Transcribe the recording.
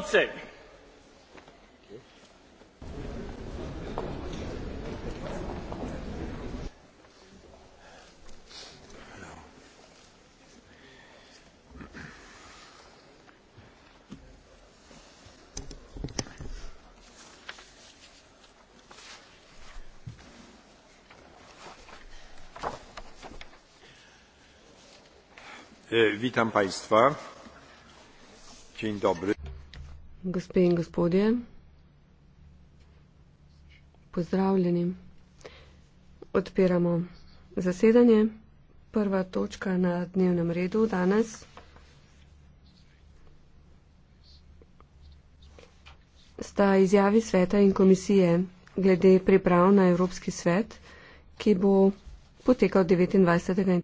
Ganze. E, witam Państwa. Dzień dobry. Gospe in gospodje, pozdravljeni. Odpiramo zasedanje. Prva točka na dnevnem redu danes. Sta izjavi sveta in komisije glede priprav na Evropski svet, ki bo potekal 29.